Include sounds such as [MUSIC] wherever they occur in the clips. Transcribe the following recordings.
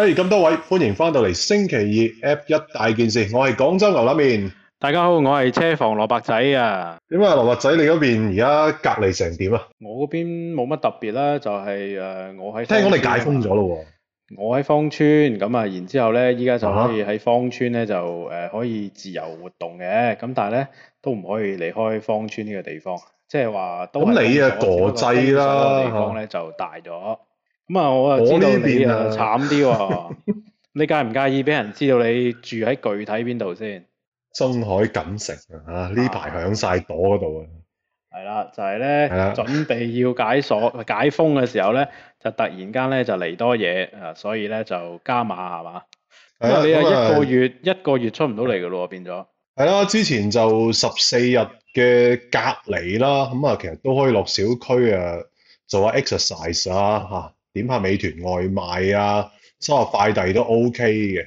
誒，咁多位歡迎翻到嚟星期二 F1 一大件事，我係廣州牛腩麵。大家好，我係車房蘿蔔仔啊。點解，蘿蔔仔你嗰邊而家隔離成點啊？我嗰邊冇乜特別啦，就係誒，我喺聽講你解封咗咯喎。我喺芳村，咁啊，然之後咧，依家就可以喺芳村咧就誒可以自由活動嘅，咁但係咧都唔可以離開芳村呢個地方，即係話咁你啊，國際啦，地方咧就大咗。咁啊，我啊知道你啊慘啲喎，你介唔介意俾人知道你住喺具體邊度先？中海錦城啊，呢排響晒躲嗰度啊，係啦，就係、係、咧的準備要解鎖 [LAUGHS] 解封嘅時候咧，就突然間咧就嚟多嘢啊，所以咧就加碼係嘛？啊你啊一個月，、啊、一，個月一個月出唔到嚟嘅咯，變咗。係啦，之前就十四日嘅隔離啦，咁啊，其實都可以落小區啊做下 exercise 啦、啊、嚇。啊點下美團外賣啊，收下快遞都 OK 嘅。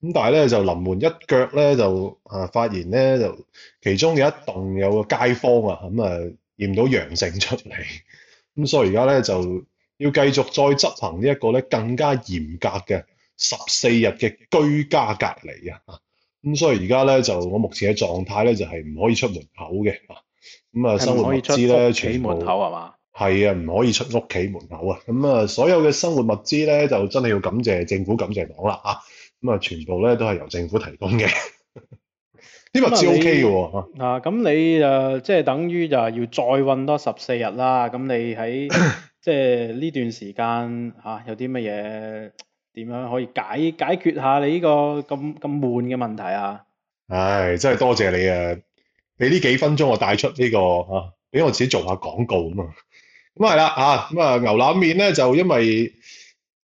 咁但係咧就臨門一腳咧就啊，發現咧就其中有一棟有個街坊啊，咁、嗯、啊驗到陽性出嚟。咁、嗯、所以而家咧就要繼續再執行呢一個咧更加嚴格嘅十四日嘅居家隔離啊。咁、嗯、所以而家咧就我目前嘅狀態咧就係、是、唔可以出門口嘅。咁、嗯、啊，生活未知出門口係嘛？係啊，唔可以出屋企門口啊！咁、嗯、啊，所有嘅生活物資咧，就真係要感謝政府、感謝黨啦啊！咁啊，全部咧都係由政府提供嘅。啲物資 O K 嘅喎。嗱你，咁、啊、你誒，即係等於就係要再韞多十四日啦。咁你喺即係呢段時間嚇、 [LAUGHS] 啊，有啲乜嘢點樣可以解解決下你呢、呢個咁咁悶嘅問題啊？唉，真係多謝，謝你啊！你呢幾分鐘我帶出呢、呢個啊，俾我自己做下廣告啊嘛～咁係啦嚇，咁啊、嗯、牛腩麵咧就因為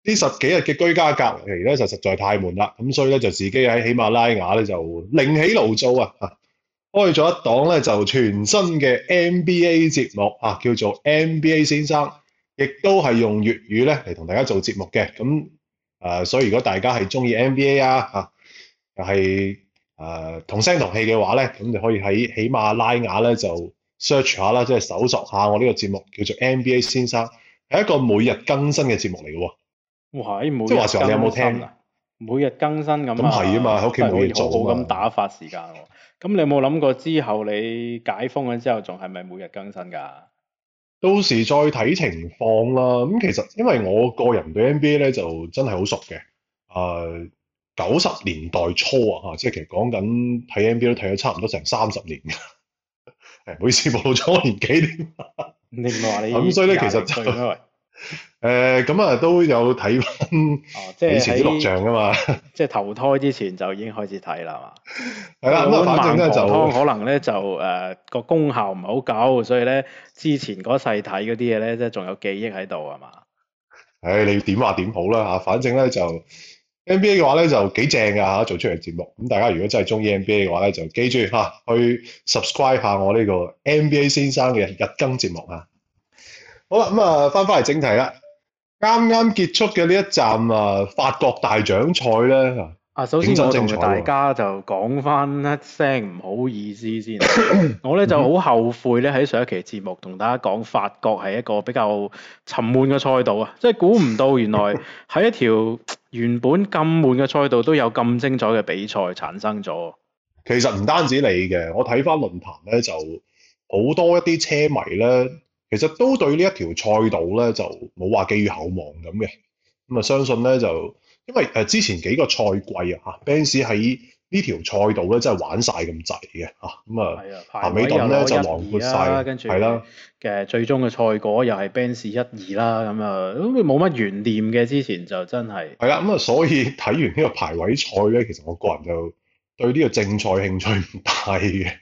呢十幾日嘅居家隔離咧就實在太悶啦，咁所以咧就自己喺喜馬拉雅咧就另起爐灶啊嚇、啊，開咗一檔咧就全新嘅 NBA 節目啊，叫做 NBA 先生，亦都係用粵語咧嚟同大家做節目嘅。咁誒、啊，所以如果大家係中意 NBA 啊嚇，又係誒同聲同氣嘅話咧，咁就可以喺喜馬拉雅咧就～Search 下啦，即係搜索下我呢個節目叫做 NBA 先生，係一個每日更新嘅節目嚟嘅喎。哇，冇，即係話時話你有冇聽？每日更新咁啊，咁係啊嘛，喺屋企冇嘢做啊，好好咁打發時間。咁你有冇諗過之後你解封咗之後，仲係咪每日更新㗎？到時再睇情況啦。咁其實因為我個人對 NBA 咧就真係好熟嘅。誒、呃，九十年代初啊，嚇，即係其實講緊睇 NBA 都睇咗差唔多成三十年嘅。誒，唔好意思，暴露咗我年紀。你唔係話你咁，所以咧其實就因為誒，咁、呃、啊都有睇翻以前啲錄像噶嘛。即係、啊就是就是、投胎之前就已經開始睇啦嘛。係啊， [LAUGHS] 咁反正咧就是、可能咧就誒個、呃、功效唔係好夠，所以咧之前嗰世睇嗰啲嘢咧，即係仲有記憶喺度係嘛。唉、哎，你點話點好啦吓，反正咧就。NBA 嘅話咧就幾正噶吓，做出嚟節目。咁大家如果真係中意 NBA 嘅話咧，就記住吓、啊、去 subscribe 下我呢個 NBA 先生嘅日更節目啊。好啦，咁啊翻翻嚟正題啦。啱啱結束嘅呢一站啊法國大獎賽咧。啊，首先我同大家就講翻一聲唔好意思先， [COUGHS] 我咧就好後悔咧喺上一期節目同大家講法國係一個比較沉悶嘅賽道啊，即係估唔到原來喺一條原本咁悶嘅賽道都有咁精彩嘅比賽產生咗。其實唔單止你嘅，我睇翻論壇咧就好多一啲車迷咧，其實都對呢一條賽道咧就冇話寄予厚望咁嘅。咁啊，相信咧就。因為誒之前幾個賽季啊，吓 Benz 喺呢條賽道咧，真係玩晒咁滯嘅吓，咁啊，阿美頓咧就忙活晒，跟住係啦嘅最終嘅賽果又係 Benz 一二啦，咁啊咁佢冇乜懸念嘅。之前就真係係啦，咁啊，所以睇完呢個排位賽咧，其實我個人就對呢個正賽興趣唔大嘅。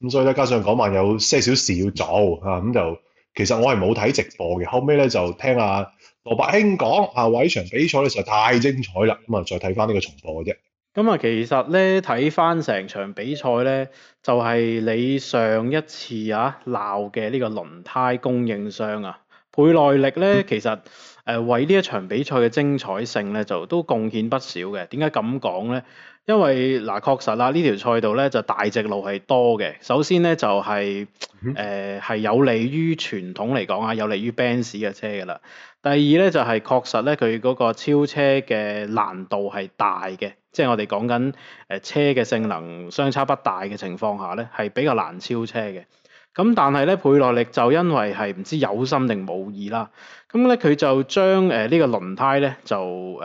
咁所以咧，加上嗰晚有些少事要做啊，咁、嗯、就、嗯嗯嗯、其實我係冇睇直播嘅，後尾咧就聽下。羅伯興講啊，呢場比賽咧，實在太精彩啦！咁、嗯、啊，再睇翻呢個重播啫。咁啊、嗯，其實咧睇翻成場比賽呢，就係、是、你上一次啊鬧嘅呢個輪胎供應商啊。倍耐力咧，其實誒、呃、為呢一場比賽嘅精彩性咧，就都貢獻不少嘅。點解咁講咧？因為嗱、呃，確實啦，條賽呢條賽道咧就大直路係多嘅。首先咧就係誒係有利於傳統嚟講啊，有利於 Benz 嘅車噶啦。第二咧就係、是、確實咧，佢嗰個超車嘅難度係大嘅，即係我哋講緊誒車嘅性能相差不大嘅情況下咧，係比較難超車嘅。咁但係咧倍耐力就因為係唔知有心定冇意啦，咁咧佢就將誒、呃這個、呢個輪胎咧就誒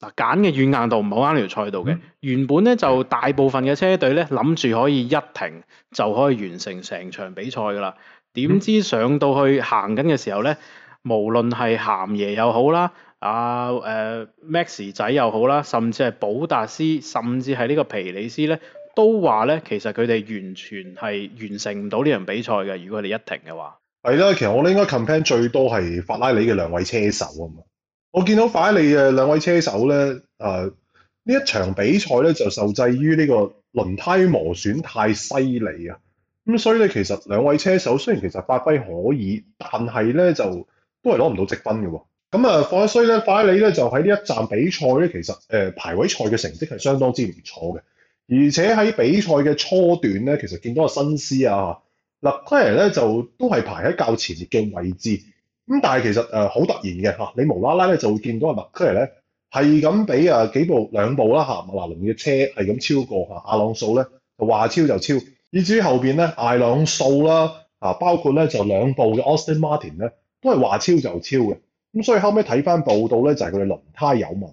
嗱揀嘅軟硬度唔好啱條賽道嘅，嗯、原本咧就大部分嘅車隊咧諗住可以一停就可以完成成場比賽㗎啦，點知上到去行緊嘅時候咧，無論係鹹爺又好啦，啊誒、呃、Max 仔又好啦，甚至係保達斯，甚至係呢個皮里斯咧。都話咧，其實佢哋完全係完成唔到呢場比賽嘅。如果你一停嘅話，係啦，其實我哋應該 compare 最多係法拉利嘅兩位車手啊嘛。我見到法拉利嘅兩位車手咧，誒、啊、呢一場比賽咧就受制於呢個輪胎磨損太犀利啊。咁所以咧，其實兩位車手雖然其實發揮可以，但係咧就都係攞唔到積分嘅喎。咁啊，況且所以咧，法拉利咧就喺呢一站比賽咧，其實誒、呃、排位賽嘅成績係相當之唔錯嘅。而且喺比賽嘅初段咧，其實見到個新思啊，嗱，勒克萊爾咧就都係排喺較前列嘅位置。咁但係其實誒好突然嘅嚇，你無啦啦咧就會見到阿勒克萊爾咧係咁俾啊幾部兩部啦嚇，麥拿倫嘅車係咁超過嚇，阿朗素咧就話超就超，以至於後邊咧艾朗素啦啊，包括咧就兩部嘅 Austin Martin 咧都係話超就超嘅。咁所以後尾睇翻報道咧，就係佢哋輪胎有問。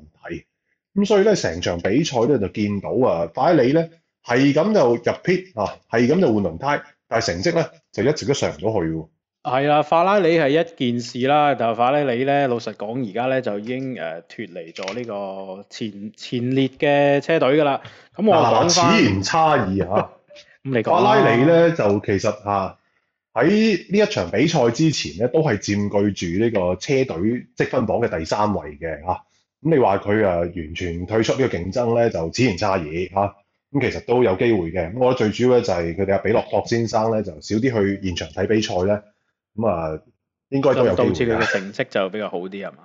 咁所以咧，成場比賽咧就見到啊，法拉利咧係咁就入 pit 啊，係咁就換輪胎，但係成績咧就一直都上唔到去喎、啊。係啦、啊，法拉利係一件事啦，但係法拉利咧，老實講，而家咧就已經誒脫、啊、離咗呢個前前列嘅車隊㗎啦。咁、啊、我講、啊、此言差矣啊。 [LAUGHS] 你講吧法拉利咧就其實嚇喺呢一場比賽之前咧，都係佔據住呢個車隊積分榜嘅第三位嘅嚇、啊。咁你話佢誒完全退出呢個競爭咧，就自然差異嚇。咁、啊、其實都有機會嘅。咁我覺得最主要咧就係佢哋阿比諾托先生咧，就少啲去現場睇比賽咧。咁啊，應該都有機會嘅。導致佢嘅成績就比較好啲係嘛？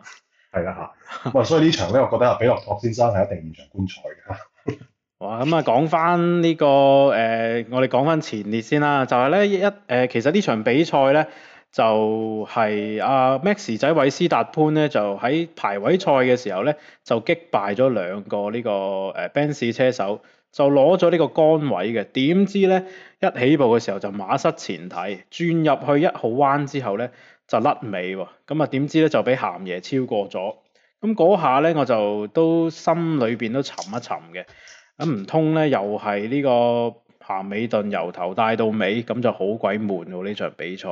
係啦嚇。哇！所以呢場咧，我覺得阿比諾托先生係一定現場觀賽嘅嚇。 [LAUGHS] 哇！咁、嗯、啊，講翻呢、這個誒、呃，我哋講翻前列先啦。就係、是、咧一誒、呃，其實呢場比賽咧。就係阿、啊、Max 仔韋斯達潘咧，就喺排位賽嘅時候咧，就擊敗咗兩個呢、這個誒、呃、Benz 車手，就攞咗呢個杆位嘅。點知咧一起步嘅時候就馬失前蹄，轉入去一號彎之後咧就甩尾喎。咁啊，點知咧就俾咸爺超過咗。咁、啊、嗰下咧我就都心裏邊都沉一沉嘅。咁唔通咧又係呢、這個咸尾頓由頭帶到尾，咁就好鬼悶喎呢場比賽。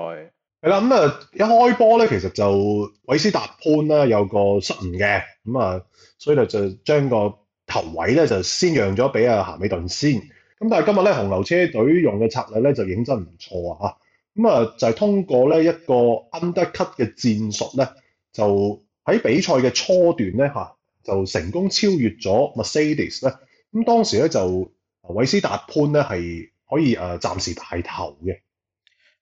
係啦，咁啊，一開波咧，其實就韋斯達潘咧有個失誤嘅，咁啊，所以就就將個頭位咧就先讓咗俾阿咸美頓先。咁但係今日咧，紅牛車隊用嘅策略咧就認真唔錯啊，咁啊就係、是、通過咧一個 undercut 嘅戰術咧，就喺比賽嘅初段咧吓，就成功超越咗 Mercedes 咧。咁當時咧就韋斯達潘咧係可以誒暫時帶頭嘅。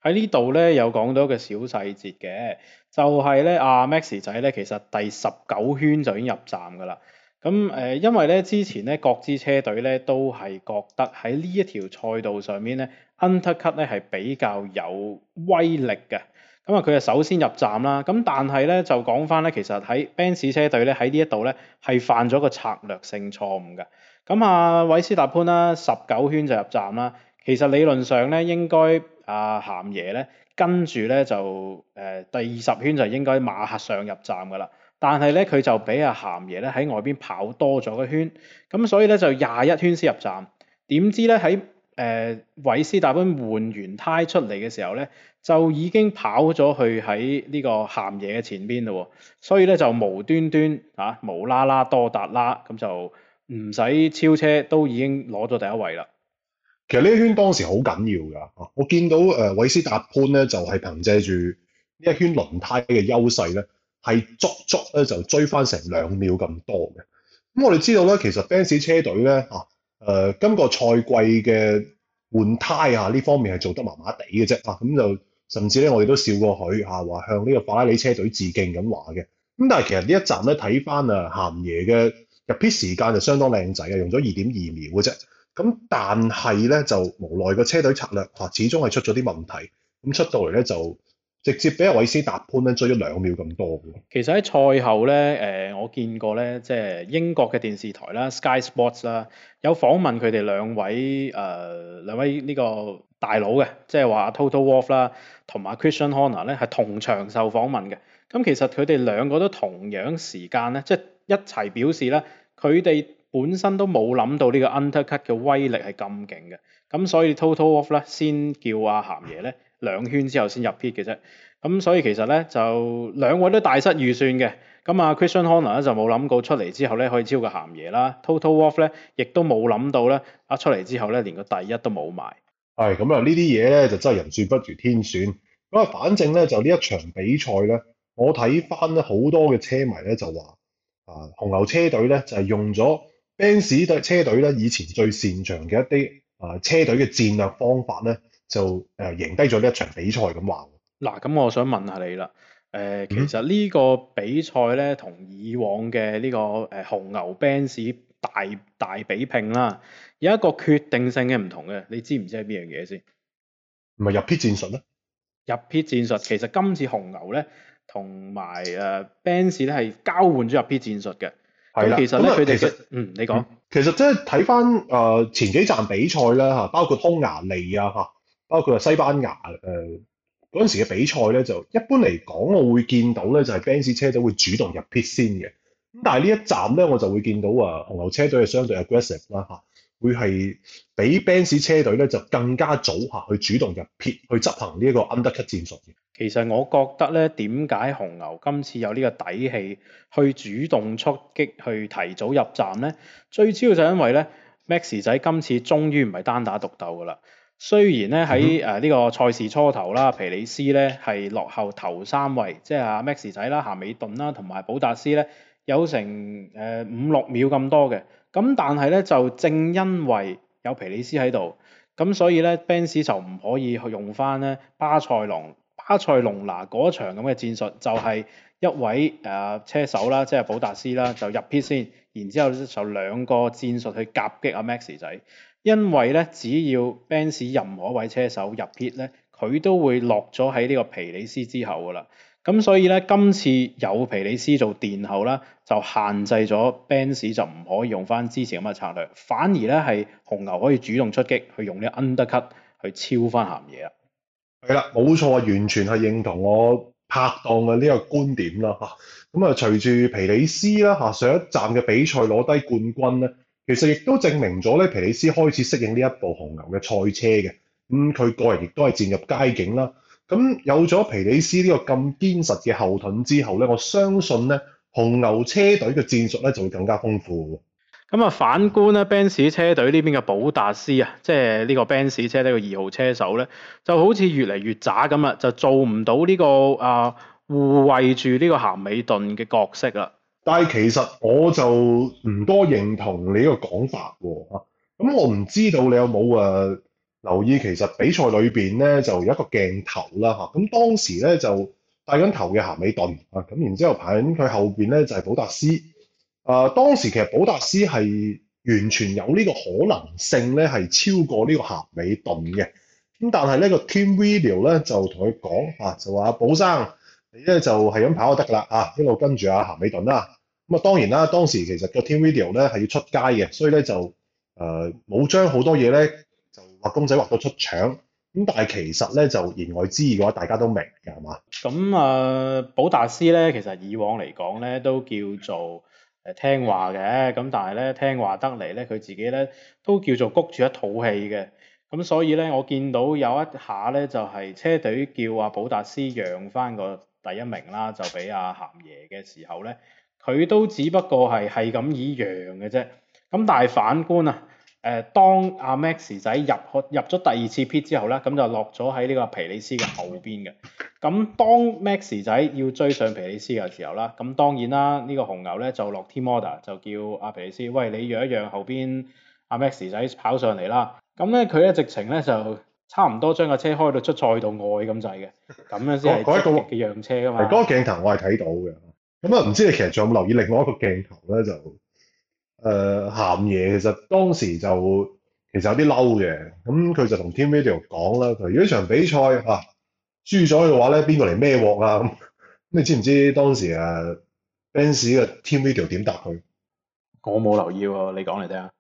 喺呢度咧有講到一個小細節嘅，就係咧阿 Max 仔咧，其實第十九圈就已經入站㗎喇。咁誒、呃，因為咧之前咧各支車隊咧都係覺得喺呢一條賽道上面咧 undercut 咧係比較有威力嘅。咁啊，佢就首先入站啦。咁但係咧就講返咧，其實喺 Benz 車隊咧喺呢，呢一度咧係犯咗個策略性錯誤嘅。咁啊，維斯塔潘啦，十九圈就入站啦。其實理論上咧應該。阿、啊、咸爺咧跟住咧就誒、呃、第二十圈就應該馬上入站嘅啦，但係咧佢就俾阿、啊、咸爺咧喺外邊跑多咗個圈，咁所以咧就廿一圈先入站。點知咧喺誒韋斯達賓換完胎出嚟嘅時候咧，就已經跑咗去喺呢個咸爺嘅前邊咯，所以咧就無端端嚇、啊、無啦啦多達啦，咁就唔使超車都已經攞咗第一位啦。其實呢一圈當時好緊要噶，啊，我見到誒，韋、呃、斯達潘咧就係憑借住呢一圈輪胎嘅優勢咧，係足足咧就追翻成兩秒咁多嘅。咁我哋知道咧，其實 FANS 車隊咧，啊，誒、呃，今個賽季嘅換胎啊呢方面係做得麻麻地嘅啫，啊，咁、嗯、就甚至咧我哋都笑過佢，啊，話向呢個法拉利車隊致敬咁話嘅。咁、啊、但係其實呢一站咧睇翻啊，咸爺嘅入 P 時間就相當靚仔啊，用咗二點二秒嘅啫。咁但係咧就無奈個車隊策略嚇始終係出咗啲問題，咁、嗯、出到嚟咧就直接俾阿韋斯達潘咧追咗兩秒咁多嘅。其實喺賽後咧，誒、呃、我見過咧，即、就、係、是、英國嘅電視台啦，Sky Sports 啦、啊，有訪問佢哋兩位誒、呃、兩位呢個大佬嘅，即、就、係、是、話 Toto Wolff 啦、啊，同埋 Christian Horner 咧、啊、係同場受訪問嘅。咁、啊、其實佢哋兩個都同樣時間咧，即、就、係、是、一齊表示咧，佢、啊、哋。本身都冇諗到呢個 undercut 嘅威力係咁勁嘅，咁所以 Toto Wolff 咧先叫阿、啊、鹹爺咧兩圈之後先入 pit 嘅啫，咁所以其實咧就兩位都大失預算嘅，咁啊 Christian Horner 咧就冇諗過出嚟之後咧可以超過鹹爺啦，Toto Wolff 咧亦都冇諗到咧出嚟之後咧連個第一都冇埋。係咁啊，樣呢啲嘢咧就真係人算不如天算，咁啊反正咧就呢一場比賽咧，我睇翻好多嘅車迷咧就話啊紅牛車隊咧就係、是、用咗。b a n z 隊車隊咧，以前最擅長嘅一啲啊車隊嘅戰略方法咧，就誒贏低咗呢一場比賽咁話。嗱，咁我想問下你啦，誒、呃，嗯、其實呢個比賽咧，同以往嘅呢個誒紅牛 b a n z 大大比拼啦，有一個決定性嘅唔同嘅，你知唔知係邊樣嘢先？唔係入 P 戰術咧？入 P 戰術其實今次紅牛咧同埋誒 b a n z 咧係交換咗入 P 戰術嘅。係啦，咁佢哋實，嗯，你講，其實即係睇翻誒前幾站比賽啦，嚇，包括匈牙利啊嚇，包括西班牙誒嗰陣時嘅比賽咧，就一般嚟講我會見到咧就係 Benz 車隊會主動入 pit 先嘅，咁但係呢一站咧我就會見到啊，紅牛車隊係相對 aggressive 啦嚇，會係比 Benz 車隊咧就更加早下去主動入 pit 去執行呢一個 undercut 戰術。其實我覺得咧，點解紅牛今次有呢個底氣去主動出擊，去提早入站呢？最主要就因為咧，Max 仔今次終於唔係單打獨鬥噶啦。雖然咧喺誒呢、呃這個賽事初頭啦，皮里斯咧係落後頭三位，即係阿 Max 仔啦、夏美頓啦同埋保達斯咧有成誒五六秒咁多嘅。咁但係咧就正因為有皮里斯喺度，咁所以咧 Benz 就唔可以去用翻咧巴塞隆。哈塞隆拿嗰場咁嘅戰術就係一位誒、呃、車手啦，即係保達斯啦，就入 pit 先，然之後就兩個戰術去夾擊阿 Max 仔，因為咧只要 Benz 任何一位車手入 pit 咧，佢都會落咗喺呢個皮里斯之後噶啦，咁所以咧今次有皮里斯做殿後啦，就限制咗 Benz 就唔可以用翻之前咁嘅策略，反而咧係紅牛可以主動出擊去用呢 undercut 去超翻鹹嘢啦。係啦，冇錯啊，完全係認同我拍檔嘅呢個觀點啦，吓咁啊，隨、嗯、住皮里斯啦，吓、啊、上一站嘅比賽攞低冠軍咧，其實亦都證明咗咧，皮里斯開始適應呢一部紅牛嘅賽車嘅，咁、嗯、佢個人亦都係漸入佳境啦，咁、嗯、有咗皮里斯呢個咁堅實嘅後盾之後咧，我相信咧紅牛車隊嘅戰術咧就會更加豐富。咁啊，反觀咧，Benz 車隊呢邊嘅保達斯啊，即係呢個 Benz 呢個二號車手咧，就好似越嚟越渣咁啊，就做唔到呢、這個啊護衛住呢個咸美頓嘅角色啦。但係其實我就唔多認同你呢個講法喎嚇。咁我唔知道你有冇誒留意，其實比賽裏邊咧就有一個鏡頭啦嚇。咁、啊啊啊、當時咧就帶緊頭嘅咸美頓啊，咁、啊啊、然之後排緊佢後邊咧就係、是、保達斯。誒、呃，當時其實寶達斯係完全有呢個可能性咧，係超過呢個咸美頓嘅。咁但係呢、呢個 team video 咧就同佢講啊，就話阿寶生你咧就係咁跑就得噶啦啊，一路跟住阿、啊、咸美頓啦、啊。咁啊，當然啦，當時其實個 team video 咧係要出街嘅，所以咧就誒冇將好多嘢咧就畫公仔畫到出腸。咁但係其實咧就言外之意嘅話，大家都明嘅係嘛？咁啊，寶達、呃、斯咧，其實以往嚟講咧都叫做。誒聽話嘅，咁但係咧聽話得嚟咧，佢自己咧都叫做谷住一肚氣嘅。咁所以咧我見到有一下咧就係、是、車隊叫阿保達斯讓翻個第一名啦，就俾阿鹹爺嘅時候咧，佢都只不過係係咁以讓嘅啫，咁但係反觀啊。誒，當阿 Max 仔入去入咗第二次 pit 之後咧，咁就落咗喺呢個皮里斯嘅後邊嘅。咁當 Max 仔要追上皮里斯嘅時候啦，咁當然啦，呢個紅牛咧就落 team order，就叫阿皮里斯，喂，你讓一讓後邊阿 Max 仔跑上嚟啦。咁咧佢咧直情咧就差唔多將架車開到出賽道外咁滯嘅，咁樣先係積極嘅讓車㗎嘛。係嗰個鏡頭我係睇到嘅。咁啊，唔知你其實仲有冇留意另外一個鏡頭咧？就誒，咸爺、呃、其實當時就其實有啲嬲嘅，咁佢就同 Team Video 講啦，佢如果場比賽啊輸咗嘅話咧，邊個嚟孭鑊啊？咁、啊、你知唔知當時啊 fans 嘅 Team Video 點答佢？我冇留意喎，你講嚟聽。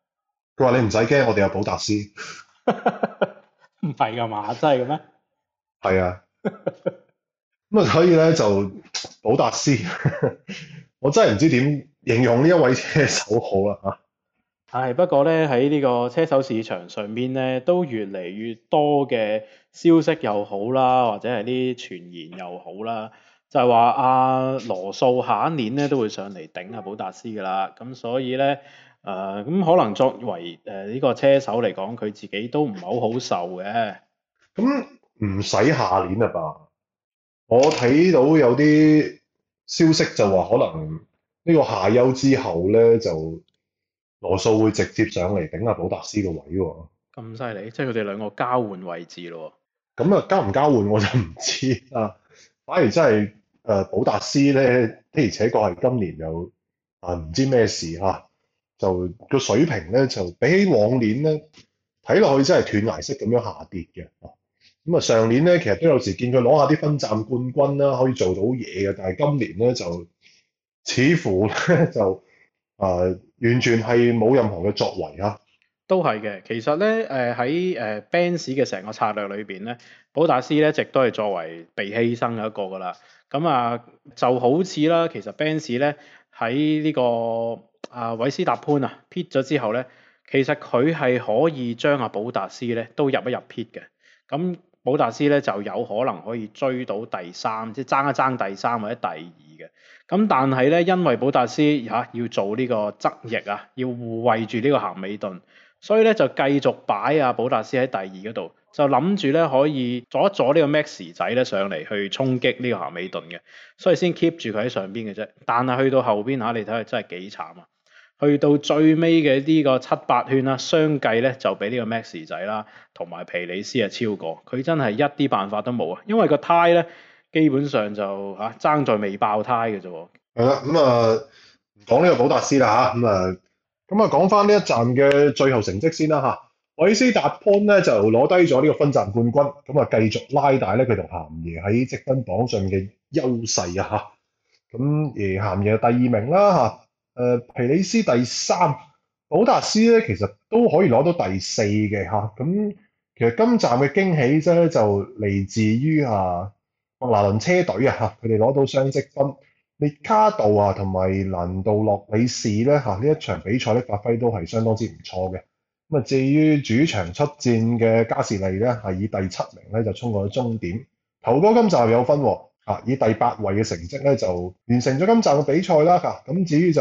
佢話你唔使驚，我哋有保達斯。唔係噶嘛，真係嘅咩？係 [LAUGHS] 啊。咁啊，所以咧就保達斯， [LAUGHS] 我真係唔知點。形容呢一位車手好啦嚇，係不過咧，喺呢個車手市場上面咧，都越嚟越多嘅消息又好啦，或者係啲傳言又好啦，就係話阿羅素下一年咧都會上嚟頂阿保達斯噶啦，咁所以咧誒咁可能作為誒呢、呃呢個車手嚟講，佢自己都唔係好好受嘅。咁唔使下年啦吧？我睇到有啲消息就話可能。呢個夏休之後咧，就羅素會直接上嚟頂阿保達斯個位喎。咁犀利？即係佢哋兩個交換位置咯。咁啊、嗯，交唔交換我就唔知啊。反而真係誒保達斯咧，的而且確係今年又啊唔知咩事嚇，就個水平咧就比起往年咧睇落去真係斷崖式咁樣下跌嘅。咁、嗯、啊上年咧其實都有時見佢攞下啲分站冠軍啦，可以做到嘢嘅，但係今年咧就。似乎咧就啊、呃、完全係冇任何嘅作為啊，都係嘅。其實咧誒喺誒 Benz 嘅成個策略裏邊咧，保達斯咧一直都係作為被犧牲嘅一個噶啦。咁啊就好似啦，其實 Benz 咧喺呢、這個啊韋、呃、斯達潘啊 pit 咗之後咧，其實佢係可以將阿保達斯咧都入一入 pit 嘅。咁保達斯咧就有可能可以追到第三，即係爭一爭第三或者第二。咁但係咧，因為保達斯吓、啊、要做呢個側翼啊，要護衛住呢個咸尾頓，所以咧就繼續擺啊。保達斯喺第二嗰度，就諗住咧可以阻一阻呢個 Max 仔咧上嚟去衝擊呢個咸尾頓嘅，所以先 keep 住佢喺上邊嘅啫。但係去到後邊吓、啊，你睇下真係幾慘啊！去到最尾嘅呢個七八圈啦、啊，相繼咧就俾呢個 Max 仔啦，同埋皮里斯啊超過，佢真係一啲辦法都冇啊，因為個胎咧。基本上就嚇爭、啊、在未爆胎嘅啫喎，啦、啊，咁、嗯、啊講呢個寶達斯啦嚇，咁啊咁、嗯、啊講翻呢一站嘅最後成績先啦嚇，愛、啊、斯達潘 o 咧就攞低咗呢個分站冠軍，咁啊繼續拉大咧佢同鹹爺喺積分榜上嘅優勢啊嚇，咁、啊、誒鹹爺第二名啦嚇，誒、啊啊、皮里斯第三，寶達斯咧其實都可以攞到第四嘅嚇，咁、啊啊、其實今站嘅驚喜啫咧就嚟自於啊～那輪車隊啊，佢哋攞到雙積分。列卡度啊，同埋蘭杜洛里士咧，嚇呢一場比賽咧，發揮都係相當之唔錯嘅。咁啊，至於主場出戰嘅加士利咧，係以第七名咧就衝過咗終點，頭哥今站有分喎。啊，以第八位嘅成績咧就完成咗今站嘅比賽啦。咁至於就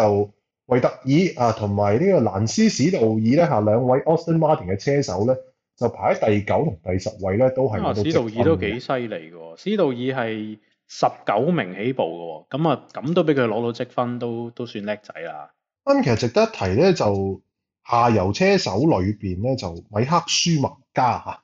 維特爾啊，同埋呢個蘭斯史道爾咧，嚇兩位 Aston Martin 嘅車手咧。就排喺第九同第十位咧，都係。啊、史道爾都幾犀利嘅，史道爾係十九名起步嘅，咁啊，咁都俾佢攞到積分，都都算叻仔啦。咁、嗯、其實值得一提咧，就下游車手裏邊咧，就米克舒文加嚇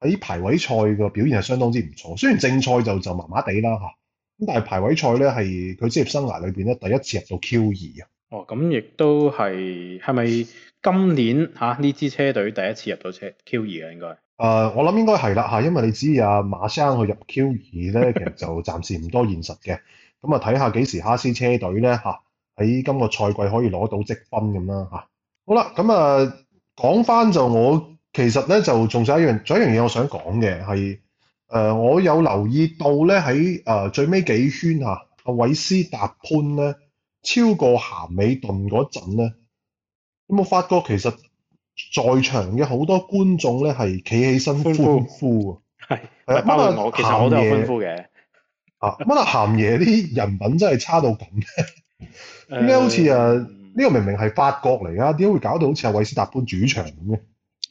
喺、啊、排位賽嘅表現係相當之唔錯，雖然正賽就就麻麻地啦嚇，咁、啊、但係排位賽咧係佢職業生涯裏邊咧第一次入到 Q 二啊。哦，咁亦都係係咪？嗯今年嚇呢、啊、支車隊第一次入到車 Q 二啊，應該。誒、呃，我諗應該係啦嚇，因為你知啊馬生佢入 Q 二咧，其實就暫時唔多現實嘅。咁啊，睇下幾時哈斯車隊咧嚇喺今個賽季可以攞到積分咁啦嚇。好啦，咁啊講翻就我其實咧就仲有一樣仲有一樣嘢我想講嘅係誒，我有留意到咧喺誒最尾幾圈嚇阿、啊、韋斯達潘咧超過鹹美頓嗰陣咧。有冇發覺，其實在場嘅好多觀眾咧係企起身歡呼啊？係係啊，包括我，其實我都有歡呼嘅。 [LAUGHS] 啊，乜啊鹹爺啲人品真係差到咁嘅？點 [LAUGHS] 解好似誒呢個明明係法國嚟㗎？點解會搞到好似係維斯塔潘主場咁嘅？誒、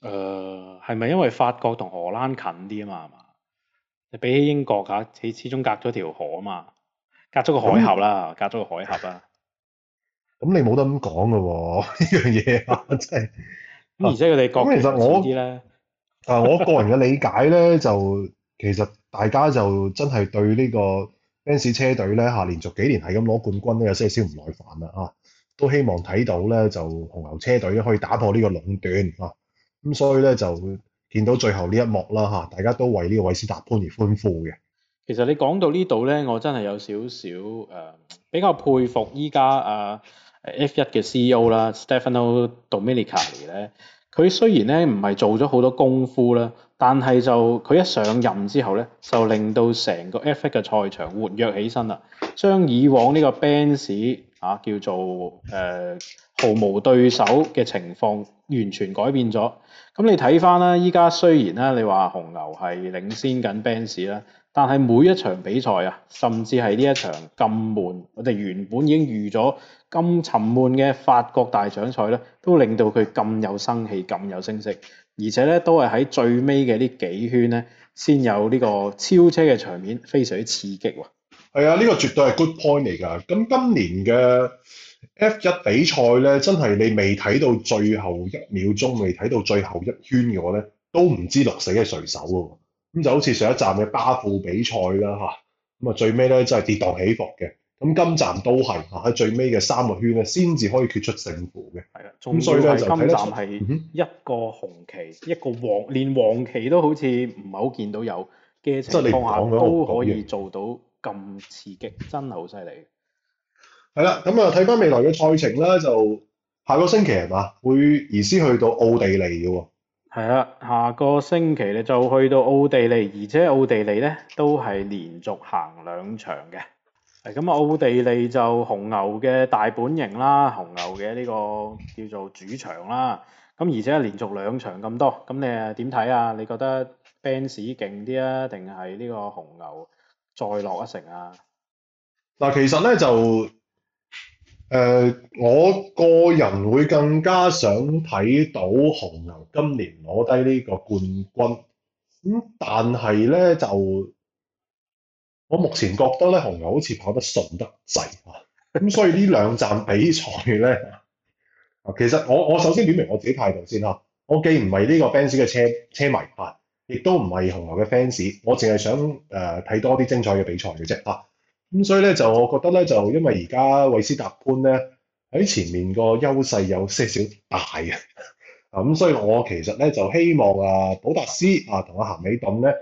呃，係咪因為法國同荷蘭近啲啊嘛？你比起英國吓，你始終隔咗條河啊嘛，隔咗個海峽啦，嗯、隔咗個海峽啊。咁你冇得咁講嘅喎，呢樣嘢啊，真係。咁而且佢哋講，咁其實我， [LAUGHS] 啊，我個人嘅理解咧，就其實大家就真係對呢個 FANS 車隊咧嚇、啊，連續幾年係咁攞冠軍都有些少唔耐煩啦、啊、嚇、啊，都希望睇到咧就紅牛車隊可以打破呢個壟斷嚇、啊，咁、啊啊、所以咧就見到最後呢一幕啦嚇、啊，大家都為呢個韋斯達潘而歡呼嘅。其實你講到呢度咧，我真係有少少誒，比較佩服依家啊。呃 f 一嘅 CEO 啦，Stephano Dominica 嚟咧，佢雖然咧唔係做咗好多功夫啦，但係就佢一上任之後咧，就令到成個 F 一嘅賽場活躍起身啦，將以往呢個 Bans 嚇、啊、叫做誒、呃、毫無對手嘅情況完全改變咗。咁、嗯、你睇翻啦，依家雖然啦，你話紅牛係領先緊 Bans 啦。但係每一場比賽啊，甚至係呢一場咁悶，我哋原本已經預咗咁沉悶嘅法國大獎賽咧，都令到佢咁有生氣、咁有聲色，而且咧都係喺最尾嘅呢幾圈咧，先有呢個超車嘅場面，非常之刺激喎。係啊，呢個絕對係 good point 嚟㗎。咁今年嘅 F1 比賽咧，真係你未睇到最後一秒鐘，未睇到最後一圈嘅話咧，都唔知落死係誰手喎。咁就好似上一站嘅巴庫比賽啦吓，咁啊最尾咧真係跌宕起伏嘅，咁、啊、今站都係啊喺最尾嘅三個圈咧先至可以決出勝負嘅。係啦，咁所以咧今站係一個紅旗，嗯、哼一個黃，連黃旗都好似唔係好見到有嘅。即係你講都可以做到咁刺激，真係好犀利。係啦，咁啊睇翻未來嘅賽程咧，就下個星期係嘛會移師去到奧地利嘅喎。係啊，下個星期咧就去到奧地利，而且奧地利咧都係連續行兩場嘅。係咁，奧地利就紅牛嘅大本營啦，紅牛嘅呢個叫做主場啦。咁而且係連續兩場咁多，咁你又點睇啊？你覺得 Benz 勁啲啊，定係呢個紅牛再落一城啊？嗱，其實咧就～誒，uh, 我個人會更加想睇到紅牛今年攞低呢個冠軍。咁、嗯、但係咧就，我目前覺得咧紅牛好似跑得順得滯啊。咁所以呢兩站比賽咧，啊，其實我我首先表明，明我自己態度先啦，啊。我既唔係呢個 fans 嘅車車迷派，亦都唔係紅牛嘅 fans。我淨係想誒睇、呃、多啲精彩嘅比賽嘅啫。吓，啊。咁所以咧就我覺得咧就，因為而家韋斯特潘咧喺前面個優勢有些少大嘅，啊 [LAUGHS] 咁、嗯、所以我其實咧就希望啊保達斯啊同阿鹹美頓咧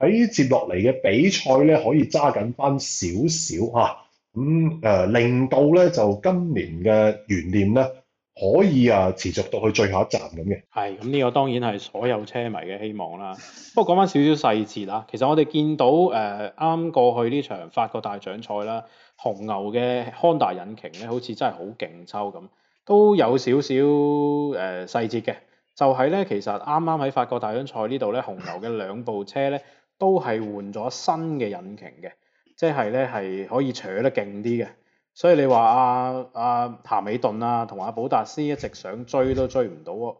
喺接落嚟嘅比賽咧可以揸緊翻少少嚇，咁、啊、誒、嗯呃、令到咧就今年嘅懸念咧。可以啊，持續到去最後一站咁嘅。係、哎，咁、這、呢個當然係所有車迷嘅希望啦。不過講翻少少細節啦，其實我哋見到誒啱、呃、過去呢場法國大獎賽啦，紅牛嘅 Honda 引擎咧，好似真係好勁抽咁，都有少少誒細節嘅。就係、是、咧，其實啱啱喺法國大獎賽呢度咧，紅牛嘅兩部車咧都係換咗新嘅引擎嘅，即係咧係可以扯得勁啲嘅。所以你話阿阿譚美頓啊同阿保達斯一直想追都追唔到誒、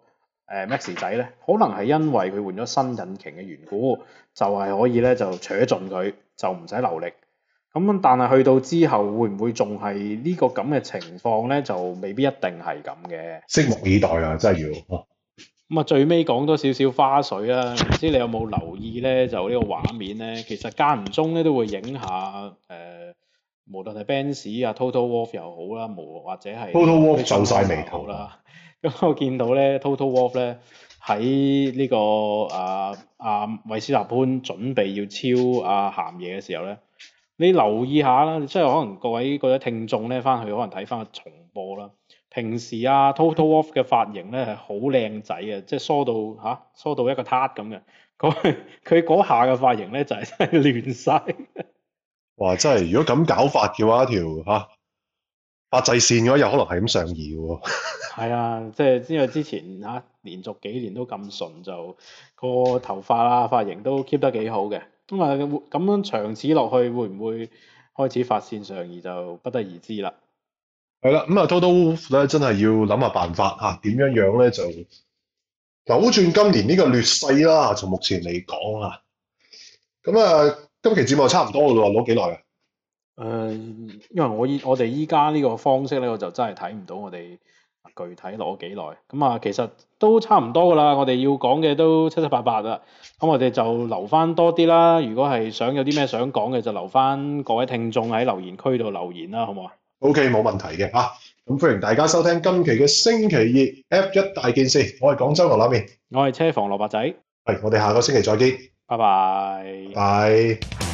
呃、Max 仔咧，可能係因為佢換咗新引擎嘅緣故，就係、是、可以咧就扯盡佢，就唔使留力。咁、嗯、但係去到之後會唔會仲係呢個咁嘅情況咧？就未必一定係咁嘅。拭目以待啊，真係要。咁啊、嗯，最尾講多少少花絮啦。唔知你有冇留意咧？就個畫呢個畫面咧，其實間唔中咧都會影下誒。呃無論係 Benz 啊、Total Wolf 又好啦，無或者係 Total Wolf 皺晒眉頭啦。咁我見到咧，Total Wolf 咧喺呢個啊啊韋斯塔潘準備要超啊咸嘢嘅時候咧，你留意下啦，即係可能各位各位聽眾咧翻去可能睇翻個重播啦。平時啊 Total Wolf 嘅髮型咧係好靚仔嘅，即係梳到吓、啊、梳到一個塔咁嘅，佢佢嗰下嘅髮型咧就係真係亂晒。 [LAUGHS] [LAUGHS] [LAUGHS] [LAUGHS] [LAUGHS] [LAUGHS] 哇！真係，如果咁搞法嘅話，一條吓髮際線嘅話，有可能係咁上移嘅。係啊，即係因為之前吓、啊、連續幾年都咁順，就個頭髮啦、啊、髮型都 keep 得幾好嘅。咁、嗯、啊，咁樣長此落去會唔會開始髮線上移就不得而知啦。係啦，咁啊，Toto Wolff 咧真係要諗下辦法吓，點樣樣咧就扭轉今年呢個劣勢啦。從目前嚟講啊，咁啊。啊今期節目差唔多啦，攞幾耐啊？誒、嗯，因為我依我哋依家呢個方式咧，我就真係睇唔到我哋具體攞幾耐。咁、嗯、啊，其實都差唔多噶啦，我哋要講嘅都七七八八啦。咁我哋就留翻多啲啦。如果係想有啲咩想講嘅，就留翻各位聽眾喺留言區度留言啦，好唔好？o k 冇問題嘅嚇。咁、啊、歡迎大家收聽今期嘅星期二 App 一大件事。我係廣州牛腩麵，我係車房蘿蔔仔。係，我哋下個星期再見。拜拜。